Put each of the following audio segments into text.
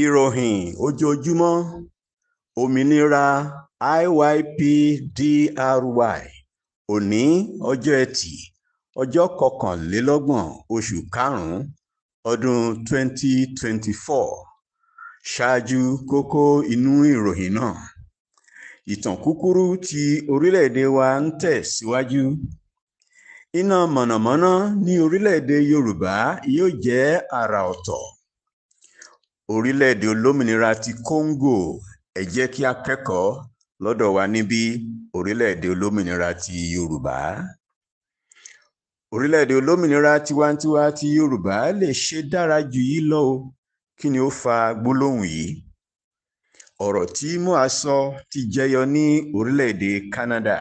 ìròyìn ojoojúmọ́ òmìnira IYPDRY òní ọjọ́ ẹtì ọjọ́ kọkànlélọ́gbọ̀n oṣù karùn-ún ọdún 2024 ṣáájú kókó inú ìròyìn náà ìtàn kúkúrú ti orílẹ̀-èdè wa ń tẹ̀ síwájú iná mọ̀nàmọ́ná ní orílẹ̀-èdè Yorùbá yóò jẹ́ àrà ọ̀tọ̀ orílẹ̀-èdè olómìnira ti kóńgò ẹ jẹ́ kí a kẹ́kọ̀ọ́ lọ́dọ̀ wa níbí orílẹ̀-èdè olómìnira ti yorùbá orílẹ̀-èdè olómìnira tiwantiwa ti yorùbá lè ṣe dára jù yìí lọ o kí ni ó fa gbólóhùn yìí ọ̀rọ̀ tí mua sọ ti jẹyọ ní orílẹ̀-èdè Canada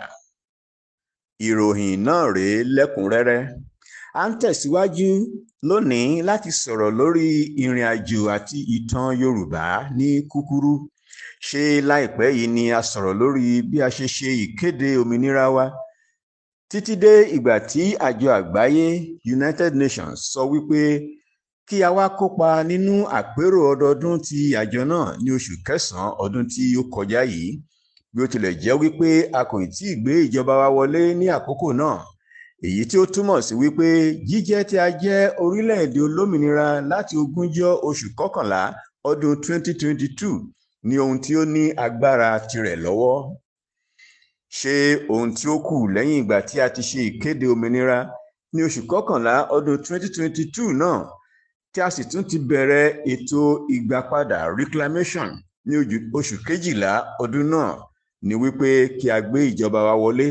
ìròyìn náà rèé lẹ́kùnrẹ́rẹ́ À ń tẹ̀síwájú lónìí láti sọ̀rọ̀ lórí ìrìn àjò àti ìtàn Yorùbá ní kúkúrú. Ṣé láìpẹ́ yìí ni a sọ̀rọ̀ lórí bí a ṣe ṣe ìkéde òmìnira wa títí dé ìgbà tí àjọ àgbáyé United Nations sọ wípé kí a wá kópa nínú àpérò ọdọọdún ti àjọ náà ní oṣù kẹsànán ọdún tí ó kọjá yìí bí ó tilẹ̀ jẹ́ wípé a kò tí ì gbé ìjọba wa wọlé ní àkókò náà èyí tí ó túmọ̀ sí wípé jíjẹ́ tí a jẹ́ orílẹ̀-èdè olómìnira láti ogúnjọ́ oṣù kọkànlá ọdún 2022 ni ohun tí ó ní agbára tirẹ̀ lọ́wọ́ ṣe ohun tí ó kù lẹ́yìn ìgbà tí a ti ṣe ìkéde òmìnira ní oṣù kọkànlá ọdún 2022 náà tí a sì tún ti bẹ̀rẹ̀ ètò ìgbàpadà reclamation ní oṣù kejìlá ọdún náà ni wípé kí a gbé ìjọba wa wọlé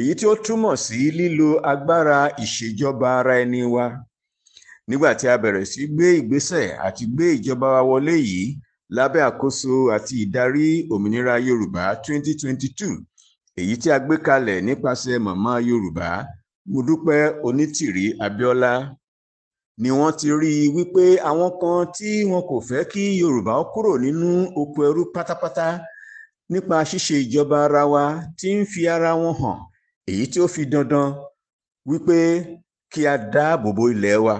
èyí tí ó túmọ̀ sí lílo agbára ìṣèjọba ara ẹni wa nígbà tí a bẹ̀rẹ̀ sí gbé ìgbésẹ̀ àti gbé ìjọba wa wọlé yìí lábẹ́ àkóso àti ìdarí òmìnira yorùbá 2022 èyí tí a gbé kalẹ̀ nípasẹ̀ màmá yorùbá mọ́dúpẹ́ onítìrí abíọ́lá ni wọ́n ti rí i wípé àwọn kan tí wọn kò fẹ́ kí yorùbá ó kúrò nínú oko ẹrú pátápátá nípa ṣíṣe ìjọba ara wa tí ń fi ara wọn hàn èyí tí ó fi dandan wípé kí a dáàbò bo ilẹ̀ wa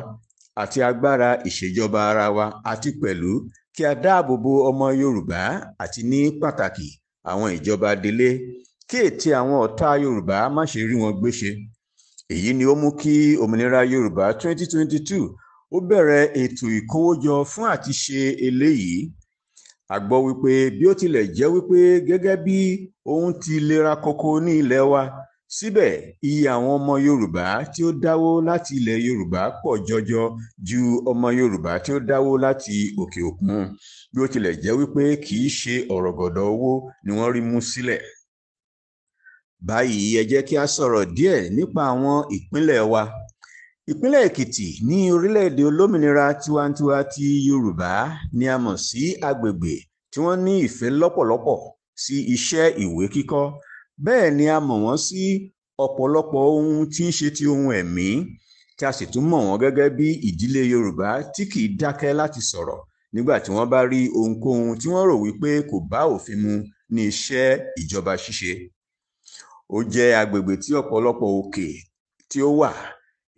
àti agbára ìṣèjọba ara wa àti pẹ̀lú kí a dáàbò bo ọmọ Yorùbá àti ní pàtàkì àwọn ìjọba adelé kí ète àwọn ọ̀tá Yorùbá má ṣe rí wọn gbéṣe èyí ni ó mú kí òmìnira Yorùbá 2022 ó bẹ̀rẹ̀ ètò ìkówójọ fún àti ṣe eléyìí a gbọ́ wípé bí ó tilẹ̀ jẹ́ wípé gẹ́gẹ́ bí ohun ti lera koko ní ilẹ̀ wa síbẹ̀ iye àwọn ọmọ yorùbá tí ó dáwó láti ilẹ̀ yorùbá pọ̀ jọjọ ju ọmọ yorùbá tí ó dáwó láti òkè òkun bí ó tilẹ̀ jẹ́ wípé kì í ṣe ọ̀rọ̀gọ̀dọ̀ owó ni wọ́n rí mú sílẹ̀ báyìí ẹ jẹ́ kí a sọ̀rọ̀ díẹ̀ nípa àwọn ìpínlẹ̀ wa ìpínlẹ̀ èkìtì ní orílẹ̀-èdè olómìnira tiwantiwa ti yorùbá ni a mọ̀ sí agbègbè tí wọ́n ní ìfẹ́ lọ́pọ̀lọpọ̀ sí iṣẹ́ ìwé kíkọ́ bẹ́ẹ̀ ni a mọ̀ wọ́n sí ọ̀pọ̀lọpọ̀ ohun tí í ṣe ti ohun ẹ̀mí tí a sì tún mọ̀ wọ́n gẹ́gẹ́ bí ìdílé yorùbá tí kì í dákẹ́ láti sọ̀rọ̀ nígbà tí wọ́n bá rí ohunkóhun tí wọ́n rò wípé kò bá òfin mu ní iṣẹ́ ìjọba ṣíṣe ó jẹ́ agbègbè tí ọ̀pọ̀lọpọ̀ òkè tí ó wà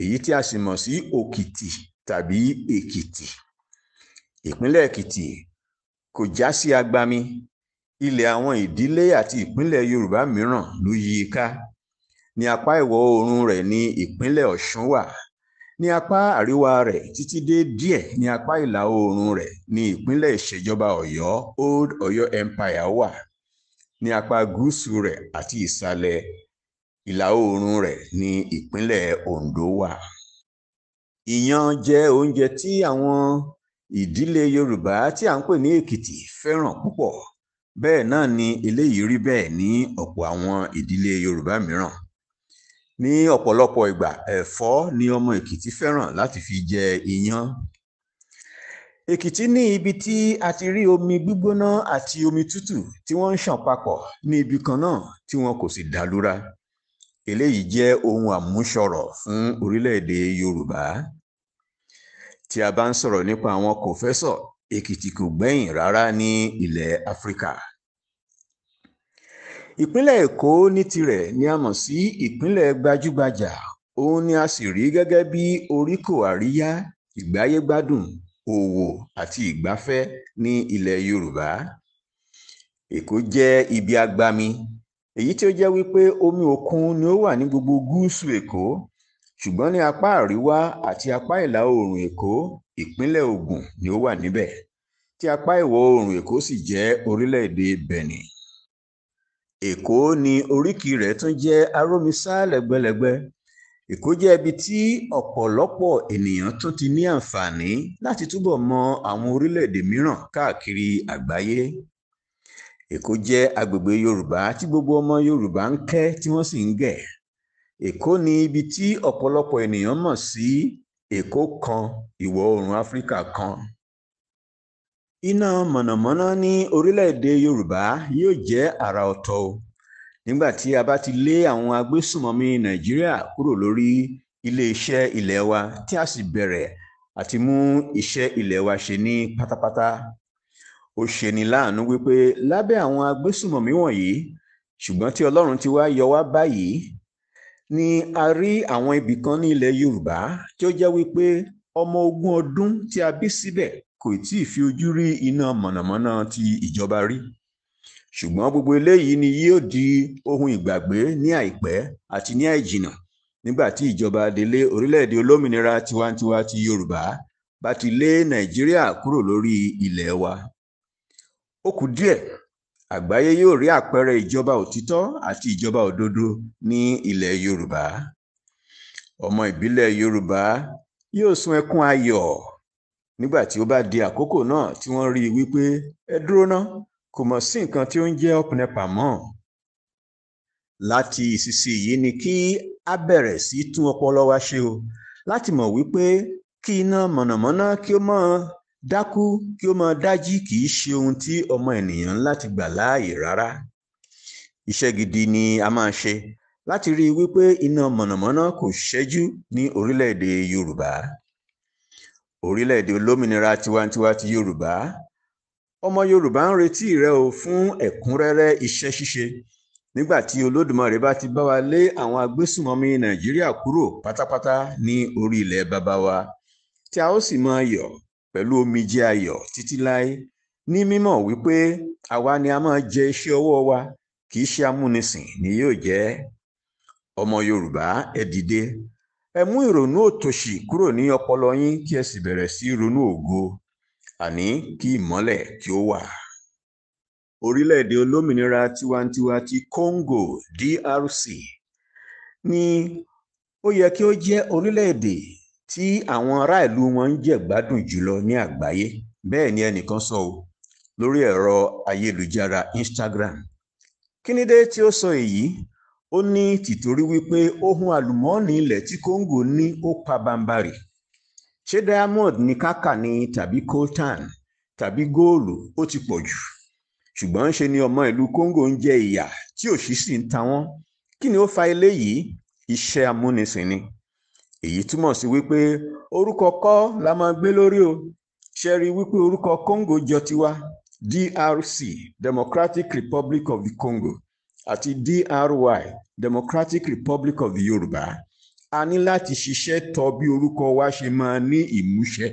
èyí tí a sì mọ̀ sí òkìtì tàbí èkìtì ìpínlẹ̀ èkìtì kò já sí agbami ilẹ̀ àwọn ìdílé àti ìpínlẹ̀ yorùbá mìíràn ló yí i ká ní apá ìwọ̀ oòrùn rẹ̀ ní ìpínlẹ̀ ọ̀ṣun wà ní apá àríwá rẹ̀ títí dé díẹ̀ ní apá ìlà oòrùn rẹ̀ ní ìpínlẹ̀ ìṣèjọba ọ̀yọ́ old ọ̀yọ́ empire wà ní apá gúúsù rẹ̀ àti ìsàlẹ̀ ìlà oòrùn rẹ̀ ní ìpínlẹ̀ ondo wà. ìyàn jẹ́ oúnjẹ tí àwọn ìdílé yorùbá tí à ń pè ní èkìtì fẹ́ràn púpọ̀ bẹ́ẹ̀ náà ni eléyìí rí bẹ́ẹ̀ ní ọ̀pọ̀ àwọn ìdílé yorùbá mìíràn ní ọ̀pọ̀lọpọ̀ ìgbà ẹ̀fọ́ ni ọmọ èkìtì fẹ́ràn láti fi jẹ iyán èkìtì ní ibi tí a ti rí omi gbígbóná àti omi tútù tí wọ́n ń ṣàn papọ̀ ní ibi kan náà tí wọn kò sì dàlúra eléyìí jẹ́ ohun àmúṣọrọ̀ fún orílẹ̀-èdè yorùbá tí a bá ń sọ̀rọ̀ nípa àwọn kòfẹ́sọ̀ èkìtì kò gbẹ̀yìn rárá ní ilẹ̀ áfíríkà ìpínlẹ̀ èkó ní tirẹ̀ ni a mọ̀ sí ìpínlẹ̀ gbajúgbajà òun ni a sì rí gẹ́gẹ́ bí oríkò àríyá ìgbáyégbádùn òwò àti ìgbafẹ́ ní ilẹ̀ yorùbá èkó jẹ́ ibi agbami èyí tí ó jẹ́ wípé omi òkun ni ó wà ní gbogbo gúúsù èkó ṣùgbọ́n ní apá àríwá àti apá ìlà oòrùn èkó ìpínlẹ̀ Ògùn ni ó wà níbẹ̀ tí apá ìwọ̀ oòrùn èkó sì jẹ́ orílẹ̀-èdè Benin Èkó ni oríkì rẹ̀ tún jẹ́ arómisá lẹ́gbẹ́lẹ́gbẹ́ Èkó jẹ́ ibi tí ọ̀pọ̀lọpọ̀ ènìyàn tún ti ní àǹfààní láti túbọ̀ mọ àwọn orílẹ̀-èdè mìíràn káàkiri àgbáyé Èkó jẹ́ agbègbè Yorùbá tí gbogbo ọmọ Yorùbá ń kẹ́ tí wọ́n sì ń gẹ̀ èkó ni ibi tí ọ̀pọ̀lọpọ̀ ènìyàn mọ̀ sí èkó kan ìwọ̀ oòrùn áfíríkà kan. iná mọ̀nàmọ́ná ní orílẹ̀-èdè yorùbá yóò jẹ́ àrà ọ̀tọ̀ o nígbà tí a bá ti lé àwọn agbésùnmọ̀mí nàìjíríà kúrò lórí iléeṣẹ́ ilé wa tí a sì bẹ̀rẹ̀ àti mú iṣẹ́ ilé wa ṣe ní pátápátá ó ṣeni láàánú wípé lábẹ́ àwọn agbésùnmọ̀mí wọ̀nyí ṣùgbọ́n tí ọlọ́run ti wá yọ wá báyìí ni a rí àwọn ibì kan ní ilẹ̀ yorùbá tí ó jẹ́ wípé ọmọ ogún ọdún tí a bí síbẹ̀ kò tí ì fi ojú rí iná mọ̀nàmọ́ná ti ìjọba rí ṣùgbọ́n gbogbo eléyìí ni yóò di ohun ìgbàgbé ní àìpẹ́ àti ní àìjìnà nígbà tí ìjọba adelé orílẹ̀-èdè olómìnira tiwantiwa ti yorùbá bá ti lé nàìjíríà kúrò lórí ilẹ̀ wa ó kù díẹ̀ àgbáyé yóò rí àpẹẹrẹ ìjọba òtítọ́ àti ìjọba òdodo ní ilẹ̀ yorùbá ọmọ ìbílẹ̀ yorùbá yóò sun ẹkún ayọ̀ nígbà tí ó bá di àkókò náà tí wọ́n rí i wípé ẹ dúró ná kò mọ̀ sí nǹkan tí ó ń jẹ́ ọ̀pọ̀nẹ́pà mọ́ láti ìsinsìnyí yìí ni kí a bẹ̀rẹ̀ sí tún ọpọlọ wa ṣe o láti mọ̀ wípé kí iná mọ̀nàmọ́ná kí ó mọ́ Dákú kí ó máa dájí kì í ṣe ohun tí ọmọ ènìyàn ń láti gbà láàyè rárá. Iṣẹ́ gidi ni a máa ṣe láti rí i wípé iná mọ̀nàmọ́ná kò ṣẹ́jú ní orílẹ̀-èdè Yorùbá. Orílẹ̀-èdè olómìnira tiwantiwa ti Yorùbá. Ọmọ Yorùbá ń retí rẹ o fún ẹ̀kúnrẹ́rẹ́ iṣẹ́ ṣíṣe nígbà tí Olódùmarè bá ti bá wa lé àwọn agbésùnmọ̀mí Nàìjíríà kúrò pátápátá ní orí ilẹ̀ baba wa tí a ó sì máa yọ̀ pẹ̀lú omijé ayọ̀ títí láé ní mímọ̀ wípé àwa ni a máa jẹ iṣẹ́ ọwọ́ wa kì í ṣe amúnisìn ni yóò jẹ́ ọmọ Yorùbá ẹ dìde ẹ mú ìrònú òtòṣì kúrò ní ọpọlọ yín kí ẹ sì bẹ̀rẹ̀ sí ronú ògo àní kí ìmọ́lẹ̀ kí ó wà. orílẹ̀-èdè olómìnira tiwantiwa ti Congo DRC ni ó yẹ kí ó jẹ́ orílẹ̀-èdè tí àwọn aráàlú wọn ń jẹ̀gbádùn jùlọ ní àgbáyé bẹ́ẹ̀ ni ẹnìkan sọ o lórí ẹ̀rọ ayélujára Instagram kínídé tí ó sọ èyí ó ní tìtorí wípé ohun àlùmọ́ọ́nì ilẹ̀ tí Congo ní ó pa bàǹbàrì ṣé diamond ní kákà ni tàbí coltan tàbí góòlù ó ti pọ̀ jù ṣùgbọ́n ṣe ni ọmọ ìlú Congo ń jẹ ìyà tí òṣì sì ń ta wọ́n kí ni ó fa eléyìí iṣẹ́ amúnisìn ni èyí túmọ̀ sí wípé orúkọ kọ́ la máa gbé lórí o ṣe rí wípé orúkọ Congo jọ tiwa DRC Democratic Republic of the Congo àti DRY Democratic Republic of the Yorùbá a ní láti ṣiṣẹ́ tọ bí orúkọ wa ṣe máa ní ìmúṣẹ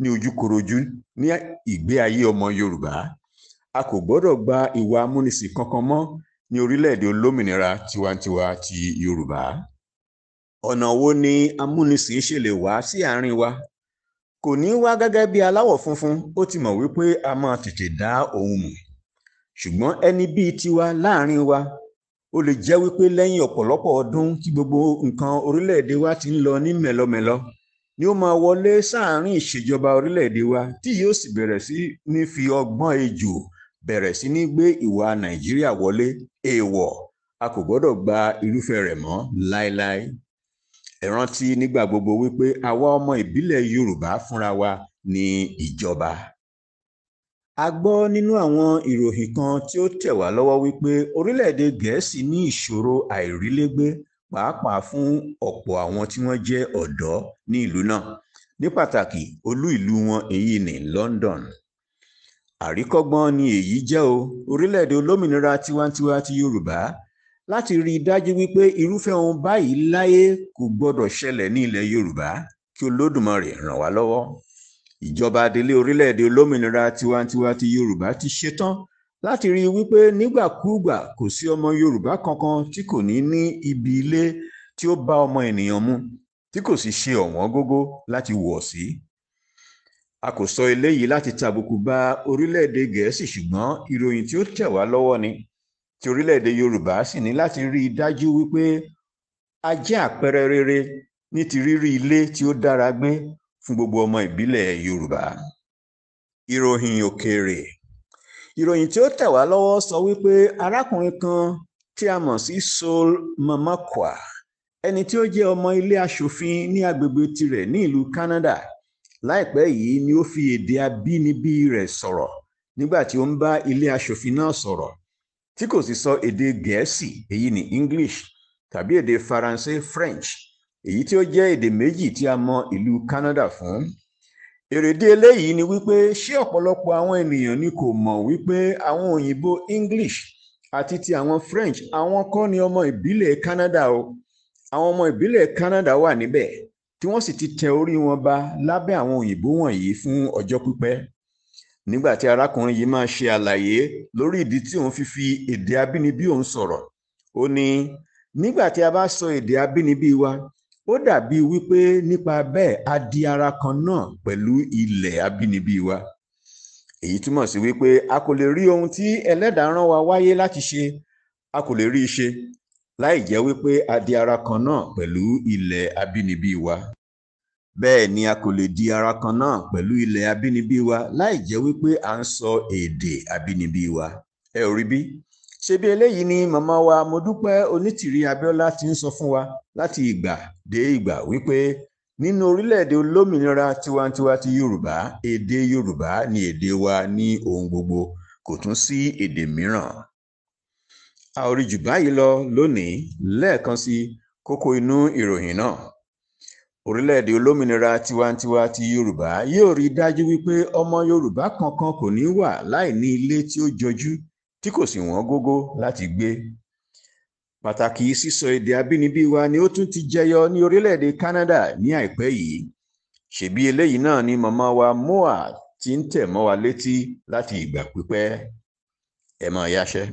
ní ojúkorojú ní ìgbé ayé ọmọ Yorùbá a kò gbọ́dọ̀ gba ìwà amúnisìn kankan mọ́ ní orílẹ̀-èdè olómìnira tiwantiwa ti Yorùbá ọ̀nà wo ni amúnisìn ṣe lè wá sí àárín wa kò ní í wá gẹ́gẹ́ bí aláwọ̀ funfun ó ti mọ̀ wípé a máa tètè dá òun mọ̀ ṣùgbọ́n ẹni bíi tiwa láàárín wa ó lè jẹ́ wípé lẹ́yìn ọ̀pọ̀lọpọ̀ ọdún tí gbogbo nǹkan orílẹ̀-èdè wa ti ń lọ ní mẹ̀lọmẹ̀lọ ni ó máa wọlé sáàárín ìṣèjọba orílẹ̀-èdè wa tí yóò sì bẹ̀rẹ̀ sí ní fi ọgbọ́n ejò bẹ̀rẹ̀ sí ní gbé ìwà Nàìjíríà wọlé èèwọ̀ a kò gbọ́dọ̀ gba irúfẹ́ rẹ̀ mọ́ láéláé ẹ rántí nígbà gbogbo wípé àwa ọmọ ìbílẹ̀ Yorùbá fúnra wa ní ìjọba. A gbọ́ nínú àwọn ìròyìn kan tí ó tẹ̀ wá lọ́wọ́ wípé orílẹ̀-èdè Gẹ̀ẹ́sì ní ìṣòro àìrílégbé pàápàá fún ọ̀pọ̀ àwọn tí wọ́n jẹ́ ọ̀dọ́ ní ìlú náà ní pàtàkì olú ìlú wọn èyí ní London. Àríkọ́gbọ́n ni èyí jẹ́ o orílẹ̀-èdè olómìnira tiwantiwa ti Yorùbá láti rí i dájú wípé irúfẹ́ ohun báyìí láyé kò gbọdọ̀ ṣẹlẹ̀ ní ilẹ̀ Yorùbá kí Olódùmarè ràn wá lọ́wọ́ ìjọba adelé orílẹ̀-èdè olómìnira tiwantiwa ti Yorùbá ti ṣetán láti rí i wípé nígbàkúùgbà kò sí ọmọ Yorùbá kankan tí kò ní ní ibi ilé tí ó bá ọmọ ènìyàn mu tí kò sì ṣe ọ̀wọ́n gógó láti wọ̀ sí. a kò sọ eléyìí láti tàbùkù bà orílẹ̀-èdè Gẹ̀ẹ́sì ṣùgbọ́n ìròyìn tí ó tẹ̀ wá lọ́wọ́ ni tí orílẹ̀-èdè Yorùbá sì ní láti rí i dájú wípé a jẹ́ àpẹẹrẹ rere ní ti rírí ilé tí ó dára gbé fún gbogbo ọmọ ìbílẹ̀ Yorùbá. Ìròyìn òkèèrè ìròyìn tí ó tẹ̀ wá lọ́wọ́ sọ wípé arákùnrin kan tí a mọ̀ sí Sol Mamakwa ẹni tí ó jẹ́ ọmọ ilé aṣòfin ní agbègbè tirẹ̀ ní ìlú Canada láìpẹ́ yìí ni ó fi èdè abínibí rẹ̀ sọ̀rọ̀ nígbà tí ó ń bá ilé aṣòfin náà sọ̀rọ̀ tí kò sì sọ èdè gẹ̀ẹ́sì èyí ni english tàbí èdè faransé french èyí tí ó jẹ́ èdè méjì tí a mọ ìlú canada fún èrèdí eléyìí ni wípé ṣé ọ̀pọ̀lọpọ̀ àwọn ènìyàn ni kò mọ̀ wípé àwọn òyìnbó english àti ti àwọn french àwọn kọ́ ni ọmọ ìbílẹ̀ canada o àwọn ọmọ ìbílẹ̀ canada wà níbẹ̀ tí wọ́n sì ti tẹ orí wọn ba lábẹ́ àwọn òyìnbó wọ̀nyí fún ọjọ́ pípẹ́ nígbà tí arákùnrin yìí máa ṣe àlàyé lórí ìdí tí òun fi fi èdè abínibí òun sọ̀rọ̀ ó ní nígbà tí a bá sọ èdè abínibí wa ó dàbí wípé nípa bẹ́ẹ̀ a di ara kan náà pẹ̀lú ilẹ̀ abínibí wa èyí túmọ̀ sí wípé a kò lè rí ohun tí ẹlẹ́dàá rán wa wáyé láti ṣe a kò lè rí i ṣe láì jẹ́ wípé a di ara kan náà pẹ̀lú ilẹ̀ abínibí wa bẹ́ẹ̀ ni a kò lè di ara kan náà pẹ̀lú ilẹ̀ abínibí wa láì jẹ́ wípé à ń sọ èdè abínibí wa ẹ ò rí bí ṣebí eléyìí ni màmá wa Modúpẹ́ Onítìrí Abíọ́lá ti ń sọ fún wa láti ìgbà dé ìgbà wípé nínú orílẹ̀-èdè olómìnira tiwantiwa ti Yorùbá èdè Yorùbá ni èdè wa ní ohun gbogbo kò tún sí èdè mìíràn a ò rí jù báyìí lọ lónìí lẹ́ẹ̀kan sí kókó inú ìròyìn náà orílẹ̀-èdè olómìnira tiwantiwa ti yorùbá yóò rí i dájú wípé ọmọ yorùbá kankan kò ní wà láì ní ilé tí ó jọjú tí kò sì wọ́n gógó láti gbé pàtàkì sísọ èdè abínibí wa ni ó tún ti jẹyọ ní orílẹ̀-èdè canada ní àìpẹ́ yìí ṣèbí eléyìí náà ni mama wa moa ti ń tẹ̀ mọ́ wa létí láti ìgbà pípẹ́ ẹ mọ̀ yáṣẹ́.